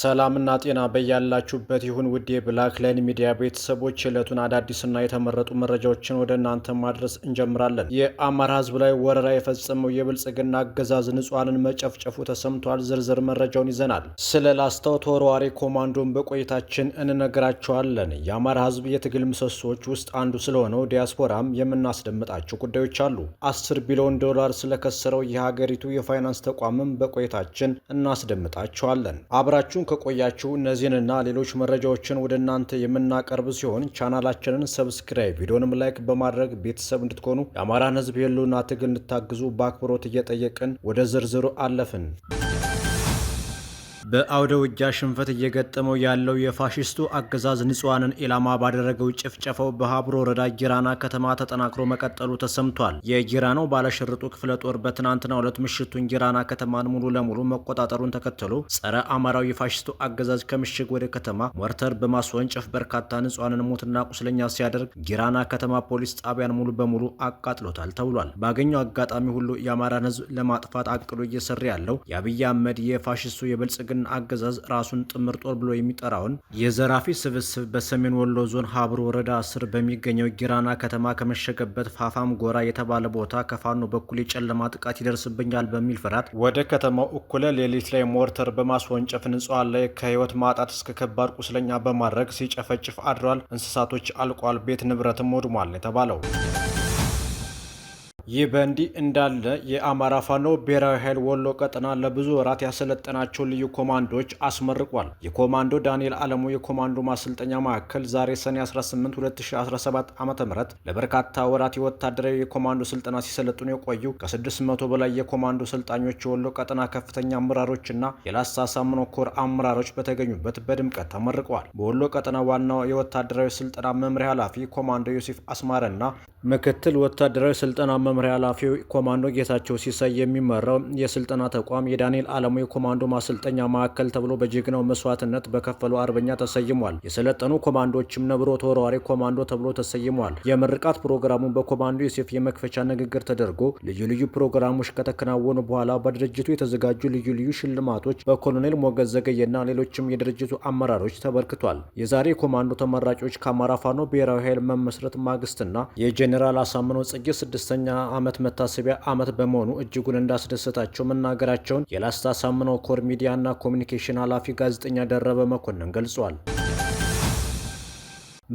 ሰላምና ጤና በያላችሁበት ይሁን ውድ የብላክ ላይን ሚዲያ ቤተሰቦች የዕለቱን አዳዲስና የተመረጡ መረጃዎችን ወደ እናንተ ማድረስ እንጀምራለን። የአማራ ሕዝብ ላይ ወረራ የፈጸመው የብልጽግና አገዛዝ ንጹሐንን መጨፍጨፉ ተሰምቷል። ዝርዝር መረጃውን ይዘናል። ስለ ላስታው ተወርዋሪ ኮማንዶን በቆይታችን እንነግራቸዋለን። የአማራ ሕዝብ የትግል ምሰሶዎች ውስጥ አንዱ ስለሆነው ዲያስፖራም የምናስደምጣቸው ጉዳዮች አሉ። አስር ቢሊዮን ዶላር ስለከሰረው የሀገሪቱ የፋይናንስ ተቋምም በቆይታችን እናስደምጣቸዋለን። አብራችሁ አብራችሁን ከቆያችሁ እነዚህንና ሌሎች መረጃዎችን ወደ እናንተ የምናቀርብ ሲሆን ቻናላችንን ሰብስክራይብ፣ ቪዲዮንም ላይክ በማድረግ ቤተሰብ እንድትሆኑ የአማራን ሕዝብ የህልውና ትግል እንድታግዙ በአክብሮት እየጠየቅን ወደ ዝርዝሩ አለፍን። በአውደ ውጊያ ሽንፈት እየገጠመው ያለው የፋሽስቱ አገዛዝ ንጹሐንን ኢላማ ባደረገው ጭፍጨፈው በሀብሮ ወረዳ ጊራና ከተማ ተጠናክሮ መቀጠሉ ተሰምቷል። የጊራናው ባለሽርጡ ክፍለ ጦር በትናንትና ሁለት ምሽቱን ጊራና ከተማን ሙሉ ለሙሉ መቆጣጠሩን ተከትሎ ጸረ አማራው የፋሽስቱ አገዛዝ ከምሽግ ወደ ከተማ ሞርተር በማስወንጨፍ በርካታ ንጹሐንን ሞትና ቁስለኛ ሲያደርግ ጊራና ከተማ ፖሊስ ጣቢያን ሙሉ በሙሉ አቃጥሎታል ተብሏል። ባገኘው አጋጣሚ ሁሉ የአማራን ህዝብ ለማጥፋት አቅዶ እየሰራ ያለው የአብይ አህመድ የፋሽስቱ የብልጽግ የብልጽግና አገዛዝ ራሱን ጥምር ጦር ብሎ የሚጠራውን የዘራፊ ስብስብ በሰሜን ወሎ ዞን ሀብሩ ወረዳ ስር በሚገኘው ጊራና ከተማ ከመሸገበት ፋፋም ጎራ የተባለ ቦታ ከፋኖ በኩል የጨለማ ጥቃት ይደርስብኛል በሚል ፍርሃት ወደ ከተማው እኩለ ሌሊት ላይ ሞርተር በማስወንጨፍ ንጹሐን ላይ ከህይወት ማጣት እስከ ከባድ ቁስለኛ በማድረግ ሲጨፈጭፍ አድሯል። እንስሳቶች አልቋል። ቤት ንብረትም ወድሟል የተባለው ይህ በእንዲህ እንዳለ የአማራ ፋኖ ብሔራዊ ኃይል ወሎ ቀጠና ለብዙ ወራት ያሰለጠናቸው ልዩ ኮማንዶዎች አስመርቋል። የኮማንዶ ዳንኤል አለሙ የኮማንዶ ማሰልጠኛ ማዕከል ዛሬ ሰኔ 18 2017 ዓ ም ለበርካታ ወራት የወታደራዊ የኮማንዶ ስልጠና ሲሰለጥኑ የቆዩ ከ600 በላይ የኮማንዶ ሰልጣኞች የወሎ ቀጠና ከፍተኛ አመራሮችና የላሳ ሳምኖ ኮር አመራሮች በተገኙበት በድምቀት ተመርቀዋል። በወሎ ቀጠና ዋናው የወታደራዊ ስልጠና መምሪያ ኃላፊ ኮማንዶ ዮሴፍ አስማረና ምክትል ወታደራዊ ስልጠና መምሪያ ኃላፊው ኮማንዶ ጌታቸው ሲሳይ የሚመራው የስልጠና ተቋም የዳንኤል አለሙ የኮማንዶ ማሰልጠኛ ማዕከል ተብሎ በጀግናው መስዋዕትነት በከፈሉ አርበኛ ተሰይሟል። የሰለጠኑ ኮማንዶዎችም ነብሮ ተወርዋሪ ኮማንዶ ተብሎ ተሰይሟል። የምርቃት ፕሮግራሙን በኮማንዶ ዮሴፍ የመክፈቻ ንግግር ተደርጎ ልዩ ልዩ ፕሮግራሞች ከተከናወኑ በኋላ በድርጅቱ የተዘጋጁ ልዩ ልዩ ሽልማቶች በኮሎኔል ሞገዝ ዘገየና ሌሎችም የድርጅቱ አመራሮች ተበርክቷል። የዛሬ ኮማንዶ ተመራቂዎች ከአማራ ፋኖ ብሔራዊ ኃይል መመስረት ማግስትና የጀ ጄኔራል አሳምነው ጽጌ ስድስተኛ ዓመት መታሰቢያ ዓመት በመሆኑ እጅጉን እንዳስደሰታቸው መናገራቸውን የላስታ አሳምነው ኮር ሚዲያና ኮሚኒኬሽን ኃላፊ ጋዜጠኛ ደረበ መኮንን ገልጿል።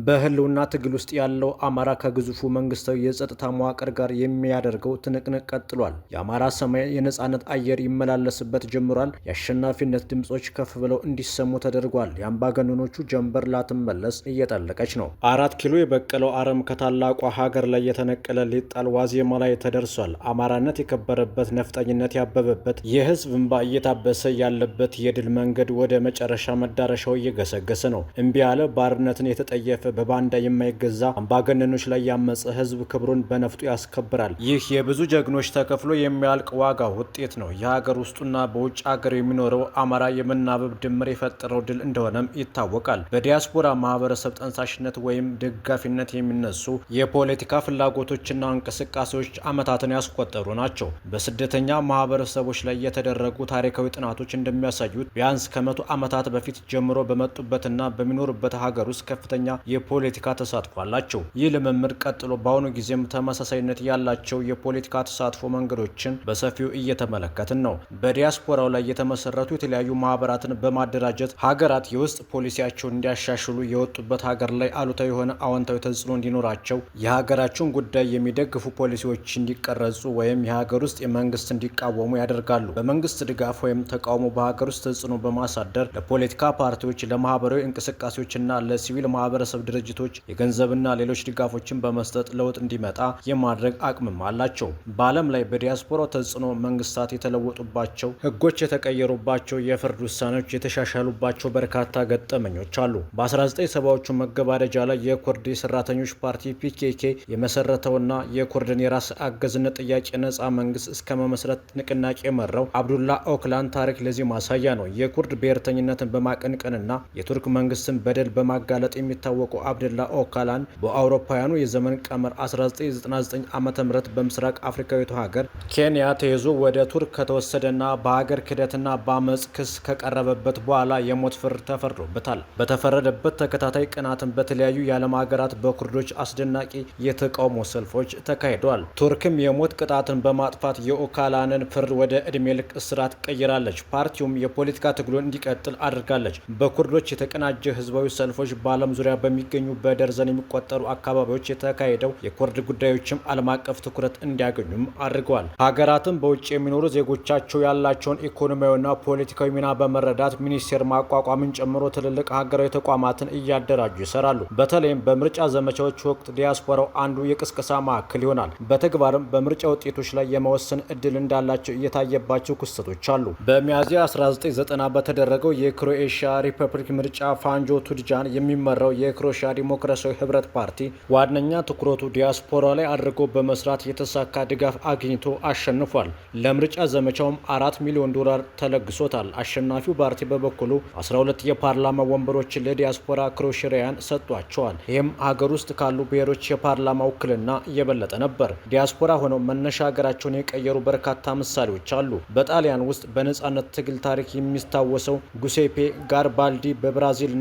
በህልውና ትግል ውስጥ ያለው አማራ ከግዙፉ መንግስታዊ የጸጥታ መዋቅር ጋር የሚያደርገው ትንቅንቅ ቀጥሏል። የአማራ ሰማይ የነጻነት አየር ይመላለስበት ጀምሯል። የአሸናፊነት ድምጾች ከፍ ብለው እንዲሰሙ ተደርጓል። የአምባገነኖቹ ጀንበር ላትመለስ እየጠለቀች ነው። አራት ኪሎ የበቀለው አረም ከታላቋ ሀገር ላይ የተነቀለ ሊጣል ዋዜማ ላይ ተደርሷል። አማራነት የከበረበት፣ ነፍጠኝነት ያበበበት፣ የህዝብ እንባ እየታበሰ ያለበት የድል መንገድ ወደ መጨረሻ መዳረሻው እየገሰገሰ ነው። እምቢ ያለ ባርነትን የተጠየፈ በሰይፍ በባንዳ የማይገዛ አምባገነኖች ላይ ያመፀ ህዝብ ክብሩን በነፍጡ ያስከብራል። ይህ የብዙ ጀግኖች ተከፍሎ የሚያልቅ ዋጋ ውጤት ነው። የሀገር ውስጡና በውጭ ሀገር የሚኖረው አማራ የመናበብ ድምር የፈጠረው ድል እንደሆነም ይታወቃል። በዲያስፖራ ማህበረሰብ ጠንሳሽነት ወይም ደጋፊነት የሚነሱ የፖለቲካ ፍላጎቶችና እንቅስቃሴዎች ዓመታትን ያስቆጠሩ ናቸው። በስደተኛ ማህበረሰቦች ላይ የተደረጉ ታሪካዊ ጥናቶች እንደሚያሳዩት ቢያንስ ከመቶ ዓመታት በፊት ጀምሮ በመጡበትና በሚኖሩበት ሀገር ውስጥ ከፍተኛ የፖለቲካ ተሳትፎ አላቸው። ይህ ልምምድ ቀጥሎ በአሁኑ ጊዜም ተመሳሳይነት ያላቸው የፖለቲካ ተሳትፎ መንገዶችን በሰፊው እየተመለከትን ነው። በዲያስፖራው ላይ የተመሰረቱ የተለያዩ ማህበራትን በማደራጀት ሀገራት የውስጥ ፖሊሲያቸውን እንዲያሻሽሉ የወጡበት ሀገር ላይ አሉታዊ የሆነ አዎንታዊ ተጽዕኖ እንዲኖራቸው የሀገራቸውን ጉዳይ የሚደግፉ ፖሊሲዎች እንዲቀረጹ ወይም የሀገር ውስጥ የመንግስት እንዲቃወሙ ያደርጋሉ። በመንግስት ድጋፍ ወይም ተቃውሞ በሀገር ውስጥ ተጽዕኖ በማሳደር ለፖለቲካ ፓርቲዎች፣ ለማህበራዊ እንቅስቃሴዎችና ለሲቪል ማህበረሰብ የግለሰብ ድርጅቶች የገንዘብና ሌሎች ድጋፎችን በመስጠት ለውጥ እንዲመጣ የማድረግ አቅምም አላቸው። በዓለም ላይ በዲያስፖራ ተጽዕኖ መንግስታት የተለወጡባቸው ህጎች የተቀየሩባቸው፣ የፍርድ ውሳኔዎች የተሻሻሉባቸው በርካታ ገጠመኞች አሉ። በ1970ዎቹ መገባደጃ ላይ የኩርድ የሰራተኞች ፓርቲ ፒኬኬ የመሰረተውና የኩርድን የራስ አገዝነት ጥያቄ ነጻ መንግስት እስከ መመስረት ንቅናቄ የመራው አብዱላ ኦክላን ታሪክ ለዚህ ማሳያ ነው። የኩርድ ብሔርተኝነትን በማቀንቀንና የቱርክ መንግስትን በደል በማጋለጥ የሚታወቁ የሚታወቀው አብደላ ኦካላን በአውሮፓውያኑ የዘመን ቀመር 1999 ዓ ም በምስራቅ አፍሪካዊቱ ሀገር ኬንያ ተይዞ ወደ ቱርክ ከተወሰደና በሀገር ክደትና በአመፅ ክስ ከቀረበበት በኋላ የሞት ፍርድ ተፈርዶበታል። በተፈረደበት ተከታታይ ቀናትን በተለያዩ የዓለም ሀገራት በኩርዶች አስደናቂ የተቃውሞ ሰልፎች ተካሂደዋል። ቱርክም የሞት ቅጣትን በማጥፋት የኦካላንን ፍርድ ወደ ዕድሜ ልክ እስራት ቀይራለች። ፓርቲውም የፖለቲካ ትግሉን እንዲቀጥል አድርጋለች። በኩርዶች የተቀናጀ ህዝባዊ ሰልፎች በዓለም ዙሪያ በሚ በሚገኙ በደርዘን የሚቆጠሩ አካባቢዎች የተካሄደው የኮርድ ጉዳዮችም ዓለም አቀፍ ትኩረት እንዲያገኙም አድርገዋል። ሀገራትም በውጭ የሚኖሩ ዜጎቻቸው ያላቸውን ኢኮኖሚያዊና ፖለቲካዊ ሚና በመረዳት ሚኒስቴር ማቋቋምን ጨምሮ ትልልቅ ሀገራዊ ተቋማትን እያደራጁ ይሰራሉ። በተለይም በምርጫ ዘመቻዎች ወቅት ዲያስፖራው አንዱ የቅስቀሳ ማዕከል ይሆናል። በተግባርም በምርጫ ውጤቶች ላይ የመወሰን እድል እንዳላቸው እየታየባቸው ክስተቶች አሉ። በሚያዝያ 1990 በተደረገው የክሮኤሽያ ሪፐብሊክ ምርጫ ፋንጆ ቱድጃን የሚመራው የክሮ የክሮሻ ዲሞክራሲያዊ ህብረት ፓርቲ ዋነኛ ትኩረቱ ዲያስፖራ ላይ አድርጎ በመስራት የተሳካ ድጋፍ አግኝቶ አሸንፏል። ለምርጫ ዘመቻውም አራት ሚሊዮን ዶላር ተለግሶታል። አሸናፊው ፓርቲ በበኩሉ 12 የፓርላማ ወንበሮችን ለዲያስፖራ ክሮሽሪያን ሰጥቷቸዋል። ይህም ሀገር ውስጥ ካሉ ብሔሮች የፓርላማ ውክልና የበለጠ ነበር። ዲያስፖራ ሆነው መነሻ ሀገራቸውን የቀየሩ በርካታ ምሳሌዎች አሉ። በጣሊያን ውስጥ በነጻነት ትግል ታሪክ የሚታወሰው ጉሴፔ ጋሪባልዲ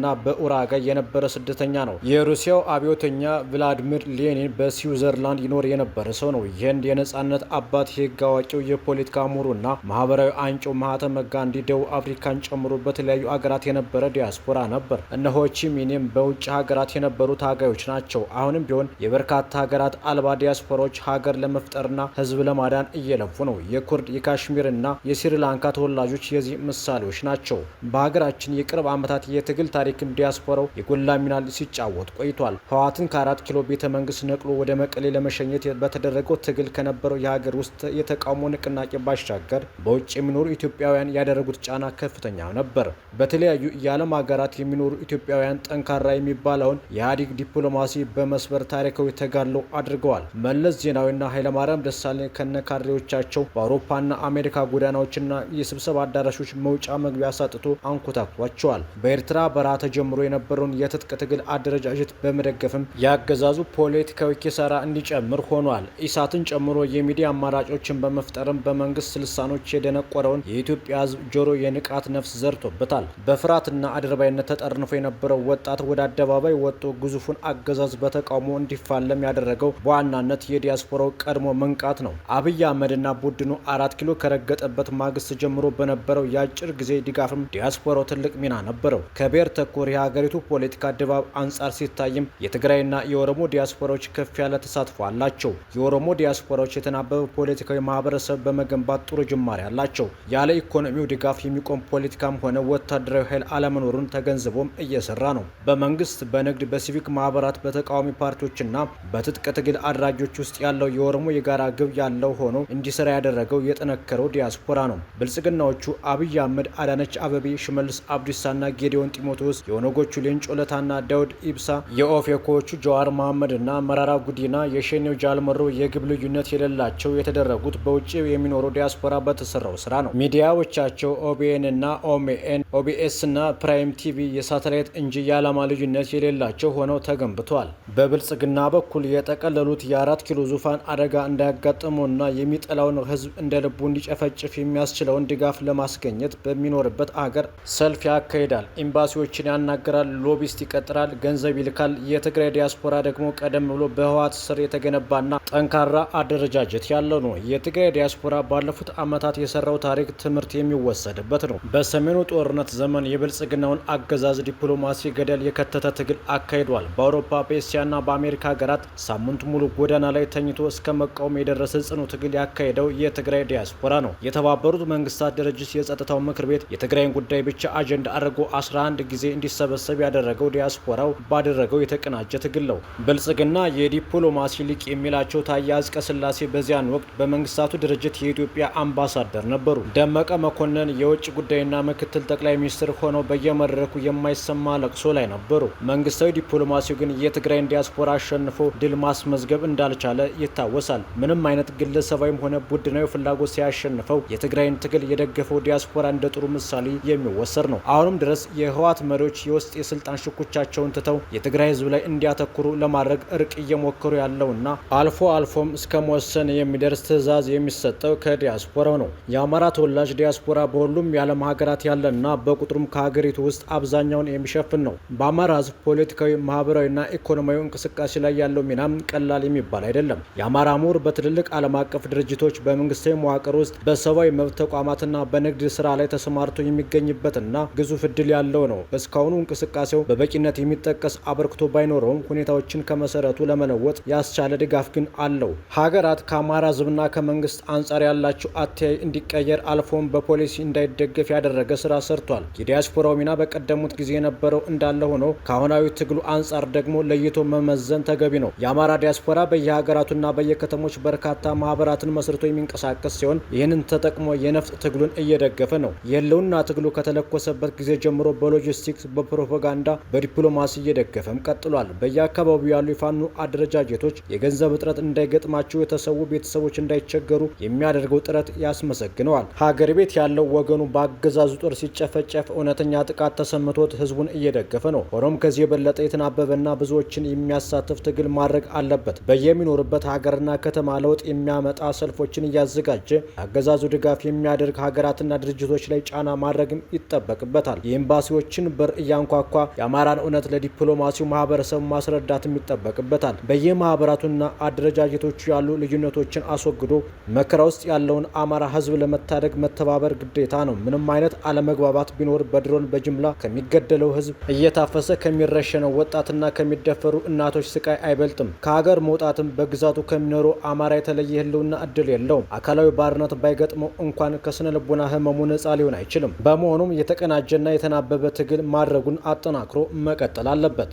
ና በኡራጋይ የነበረ ስደተኛ ጋዜጠኛ ነው። የሩሲያው አብዮተኛ ቭላድሚር ሌኒን በስዊዘርላንድ ይኖር የነበረ ሰው ነው። የህንድ የነጻነት አባት፣ የህግ አዋቂው፣ የፖለቲካ ምሁሩና ማህበራዊ አንጮ ማህተመ ጋንዲ ደቡብ አፍሪካን ጨምሮ በተለያዩ ሀገራት የነበረ ዲያስፖራ ነበር። እነ ሆቺሚንም በውጭ ሀገራት የነበሩ ታጋዮች ናቸው። አሁንም ቢሆን የበርካታ ሀገራት አልባ ዲያስፖራዎች ሀገር ለመፍጠርና ህዝብ ለማዳን እየለፉ ነው። የኩርድ የካሽሚርና የስሪላንካ ተወላጆች የዚህ ምሳሌዎች ናቸው። በሀገራችን የቅርብ ዓመታት የትግል ታሪክም ዲያስፖራው የጎላ ሚና ሲጫወት ቆይቷል። ህወሓትን ከአራት ኪሎ ቤተ መንግስት ነቅሎ ወደ መቀሌ ለመሸኘት በተደረገው ትግል ከነበረው የሀገር ውስጥ የተቃውሞ ንቅናቄ ባሻገር በውጭ የሚኖሩ ኢትዮጵያውያን ያደረጉት ጫና ከፍተኛ ነበር። በተለያዩ የዓለም ሀገራት የሚኖሩ ኢትዮጵያውያን ጠንካራ የሚባለውን የኢህአዴግ ዲፕሎማሲ በመስበር ታሪካዊ ተጋድሎ አድርገዋል። መለስ ዜናዊና ኃይለማርያም ደሳለኝ ከነካሬዎቻቸው በአውሮፓና አሜሪካ ጎዳናዎችና የስብሰባ አዳራሾች መውጫ መግቢያ አሳጥቶ አንኮታክቷቸዋል። በኤርትራ በረሃ ተጀምሮ የነበረውን የትጥቅ ትግል አደረጃጀት በመደገፍም የአገዛዙ ፖለቲካዊ ኪሳራ እንዲጨምር ሆኗል። ኢሳትን ጨምሮ የሚዲያ አማራጮችን በመፍጠርም በመንግስት ልሳኖች የደነቆረውን የኢትዮጵያ ህዝብ ጆሮ የንቃት ነፍስ ዘርቶበታል። በፍርሃትና አድርባይነት ተጠርንፎ የነበረው ወጣት ወደ አደባባይ ወጥቶ ግዙፉን አገዛዝ በተቃውሞ እንዲፋለም ያደረገው በዋናነት የዲያስፖራው ቀድሞ መንቃት ነው። አብይ አህመድና ቡድኑ አራት ኪሎ ከረገጠበት ማግስት ጀምሮ በነበረው የአጭር ጊዜ ድጋፍም ዲያስፖራው ትልቅ ሚና ነበረው። ከብሔር ተኮር የሀገሪቱ ፖለቲካ ድባብ አንጻር ሲታይም የትግራይና የኦሮሞ ዲያስፖራዎች ከፍ ያለ ተሳትፎ አላቸው። የኦሮሞ ዲያስፖራዎች የተናበበ ፖለቲካዊ ማህበረሰብ በመገንባት ጥሩ ጅማሬ አላቸው። ያለ ኢኮኖሚው ድጋፍ የሚቆም ፖለቲካም ሆነ ወታደራዊ ኃይል አለመኖሩን ተገንዝቦም እየሰራ ነው። በመንግስት፣ በንግድ፣ በሲቪክ ማህበራት፣ በተቃዋሚ ፓርቲዎችና በትጥቅ ትግል አድራጆች ውስጥ ያለው የኦሮሞ የጋራ ግብ ያለው ሆኖ እንዲሰራ ያደረገው የጠነከረው ዲያስፖራ ነው። ብልጽግናዎቹ አብይ አህመድ፣ አዳነች አበቤ፣ ሽመልስ አብዲሳና ጌዲዮን ጢሞቴዎስ የኦነጎቹ ሌንጮ ለታና ዳውድ ዳውድ ኢብሳ፣ የኦፌኮዎቹ ጀዋር መሐመድ እና መራራ ጉዲና የሸኔው ጃልመሮ የግብ ልዩነት የሌላቸው የተደረጉት በውጭ የሚኖሩ ዲያስፖራ በተሰራው ስራ ነው። ሚዲያዎቻቸው ኦቢኤን እና ኦሜኤን፣ ኦቢኤስ እና ፕራይም ቲቪ የሳተላይት እንጂ የዓላማ ልዩነት የሌላቸው ሆነው ተገንብተዋል። በብልጽግና በኩል የጠቀለሉት የአራት ኪሎ ዙፋን አደጋ እንዳያጋጥመውና የሚጠላውን ህዝብ እንደ ልቡ እንዲጨፈጭፍ የሚያስችለውን ድጋፍ ለማስገኘት በሚኖርበት አገር ሰልፍ ያካሂዳል፣ ኤምባሲዎችን ያናገራል፣ ሎቢስት ይቀጥራል፣ ገንዘብ ይልካል። የትግራይ ዲያስፖራ ደግሞ ቀደም ብሎ በህወሓት ስር የተገነባና ጠንካራ አደረጃጀት ያለው ነው። የትግራይ ዲያስፖራ ባለፉት ዓመታት የሰራው ታሪክ ትምህርት የሚወሰድበት ነው። በሰሜኑ ጦርነት ዘመን የብልጽግናውን አገዛዝ ዲፕሎማሲ ገደል የከተተ ትግል አካሂዷል። በአውሮፓ በኤስያና በአሜሪካ ሀገራት ሳምንት ሙሉ ጎዳና ላይ ተኝቶ እስከ መቃወም የደረሰ ጽኑ ትግል ያካሄደው የትግራይ ዲያስፖራ ነው። የተባበሩት መንግስታት ድርጅት የጸጥታው ምክር ቤት የትግራይን ጉዳይ ብቻ አጀንዳ አድርጎ 11 ጊዜ እንዲሰበሰብ ያደረገው ዲያስፖራው በጋራው ባደረገው የተቀናጀ ትግል ነው። ብልጽግና የዲፕሎማሲ ሊቅ የሚላቸው ታዬ አጽቀሥላሴ በዚያን ወቅት በመንግስታቱ ድርጅት የኢትዮጵያ አምባሳደር ነበሩ። ደመቀ መኮንን የውጭ ጉዳይና ምክትል ጠቅላይ ሚኒስትር ሆነው በየመድረኩ የማይሰማ ለቅሶ ላይ ነበሩ። መንግስታዊ ዲፕሎማሲው ግን የትግራይን ዲያስፖራ አሸንፎ ድል ማስመዝገብ እንዳልቻለ ይታወሳል። ምንም አይነት ግለሰባዊም ሆነ ቡድናዊ ፍላጎት ሲያሸንፈው የትግራይን ትግል የደገፈው ዲያስፖራ እንደ ጥሩ ምሳሌ የሚወሰድ ነው። አሁንም ድረስ የህወሓት መሪዎች የውስጥ የስልጣን ሽኩቻቸውን አስመልክተው የትግራይ ህዝብ ላይ እንዲያተኩሩ ለማድረግ እርቅ እየሞከሩ ያለውና አልፎ አልፎም እስከ መወሰን የሚደርስ ትዕዛዝ የሚሰጠው ከዲያስፖራው ነው። የአማራ ተወላጅ ዲያስፖራ በሁሉም የዓለም ሀገራት ያለና በቁጥሩም ከሀገሪቱ ውስጥ አብዛኛውን የሚሸፍን ነው። በአማራ ህዝብ ፖለቲካዊ፣ ማህበራዊና ኢኮኖሚያዊ እንቅስቃሴ ላይ ያለው ሚናም ቀላል የሚባል አይደለም። የአማራ ምሁር በትልልቅ ዓለም አቀፍ ድርጅቶች፣ በመንግስታዊ መዋቅር ውስጥ፣ በሰብአዊ መብት ተቋማትና በንግድ ስራ ላይ ተሰማርቶ የሚገኝበትና ግዙፍ እድል ያለው ነው። እስካሁኑ እንቅስቃሴው በበቂነት የሚ የሚጠቀስ አበርክቶ ባይኖረውም ሁኔታዎችን ከመሰረቱ ለመለወጥ ያስቻለ ድጋፍ ግን አለው። ሀገራት ከአማራ ሕዝብና ከመንግስት አንጻር ያላቸው አተያይ እንዲቀየር አልፎም በፖሊሲ እንዳይደገፍ ያደረገ ስራ ሰርቷል። የዲያስፖራው ሚና በቀደሙት ጊዜ የነበረው እንዳለ ሆኖ ከአሁናዊ ትግሉ አንጻር ደግሞ ለይቶ መመዘን ተገቢ ነው። የአማራ ዲያስፖራ በየሀገራቱና በየከተሞች በርካታ ማህበራትን መስርቶ የሚንቀሳቀስ ሲሆን ይህንን ተጠቅሞ የነፍጥ ትግሉን እየደገፈ ነው። የህልውና ትግሉ ከተለኮሰበት ጊዜ ጀምሮ በሎጂስቲክስ፣ በፕሮፓጋንዳ፣ በዲፕሎማ ኳስ እየደገፈም ቀጥሏል። በየአካባቢው ያሉ የፋኖ አደረጃጀቶች የገንዘብ እጥረት እንዳይገጥማቸው የተሰዉ ቤተሰቦች እንዳይቸገሩ የሚያደርገው ጥረት ያስመሰግነዋል። ሀገር ቤት ያለው ወገኑ በአገዛዙ ጦር ሲጨፈጨፍ እውነተኛ ጥቃት ተሰምቶት ህዝቡን እየደገፈ ነው። ሆኖም ከዚህ የበለጠ የተናበበና ብዙዎችን የሚያሳትፍ ትግል ማድረግ አለበት። በየሚኖርበት ሀገርና ከተማ ለውጥ የሚያመጣ ሰልፎችን እያዘጋጀ አገዛዙ ድጋፍ የሚያደርግ ሀገራትና ድርጅቶች ላይ ጫና ማድረግም ይጠበቅበታል። የኤምባሲዎችን በር እያንኳኳ የአማራን እውነት ለዲፕሎማሲው ማህበረሰብ ማስረዳትም ይጠበቅበታል። በየማህበራቱና አደረጃጀቶቹ ያሉ ልዩነቶችን አስወግዶ መከራ ውስጥ ያለውን አማራ ህዝብ ለመታደግ መተባበር ግዴታ ነው። ምንም አይነት አለመግባባት ቢኖር በድሮን በጅምላ ከሚገደለው ህዝብ እየታፈሰ ከሚረሸነው ወጣትና ከሚደፈሩ እናቶች ስቃይ አይበልጥም። ከሀገር መውጣትም በግዛቱ ከሚኖሩ አማራ የተለየ ህልውና እድል የለውም። አካላዊ ባርነት ባይገጥመው እንኳን ከስነ ልቦና ህመሙ ነጻ ሊሆን አይችልም። በመሆኑም የተቀናጀና የተናበበ ትግል ማድረጉን አጠናክሮ መቀጠል አለበት።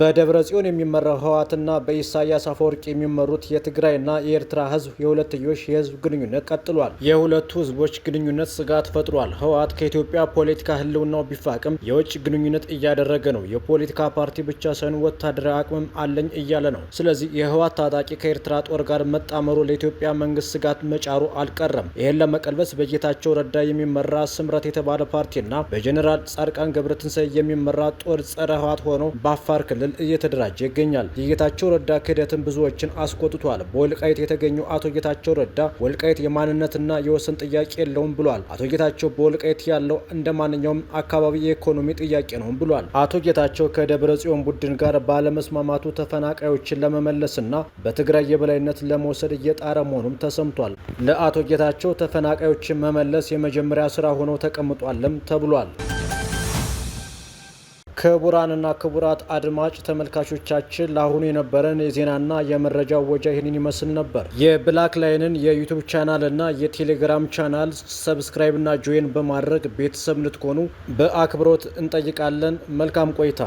በደብረ ጽዮን የሚመራው ህወሓትና በኢሳያስ አፈወርቅ የሚመሩት የትግራይና የኤርትራ ህዝብ የሁለትዮሽ የህዝብ ግንኙነት ቀጥሏል። የሁለቱ ህዝቦች ግንኙነት ስጋት ፈጥሯል። ህወሓት ከኢትዮጵያ ፖለቲካ ህልውናው ቢፋቅም የውጭ ግንኙነት እያደረገ ነው። የፖለቲካ ፓርቲ ብቻ ሳይሆን ወታደራዊ አቅምም አለኝ እያለ ነው። ስለዚህ የህወሓት ታጣቂ ከኤርትራ ጦር ጋር መጣመሩ ለኢትዮጵያ መንግስት ስጋት መጫሩ አልቀረም። ይህን ለመቀልበስ በጌታቸው ረዳ የሚመራ ስምረት የተባለ ፓርቲና በጀኔራል ጻድቃን ገብረትንሳኤ የሚመራ ጦር ጸረ ህወሓት ሆኖ በአፋር ክልል በድል እየተደራጀ ይገኛል። የጌታቸው ረዳ ክህደትን ብዙዎችን አስቆጥቷል። በወልቃይት የተገኙ አቶ ጌታቸው ረዳ ወልቃይት የማንነትና የወሰን ጥያቄ የለውም ብሏል። አቶ ጌታቸው በወልቃይት ያለው እንደ ማንኛውም አካባቢ የኢኮኖሚ ጥያቄ ነው ብሏል። አቶ ጌታቸው ከደብረ ጽዮን ቡድን ጋር ባለመስማማቱ ተፈናቃዮችን ለመመለስና በትግራይ የበላይነት ለመውሰድ እየጣረ መሆኑም ተሰምቷል። ለአቶ ጌታቸው ተፈናቃዮችን መመለስ የመጀመሪያ ስራ ሆነው ተቀምጧልም ተብሏል። ክቡራንና ክቡራት አድማጭ ተመልካቾቻችን ለአሁኑ የነበረን የዜናና የመረጃ ወጃ ይህንን ይመስል ነበር። የብላክ ላይንን የዩቱብ ቻናልና የቴሌግራም ቻናል ሰብስክራይብና ጆይን በማድረግ ቤተሰብ እንድትሆኑ በአክብሮት እንጠይቃለን። መልካም ቆይታ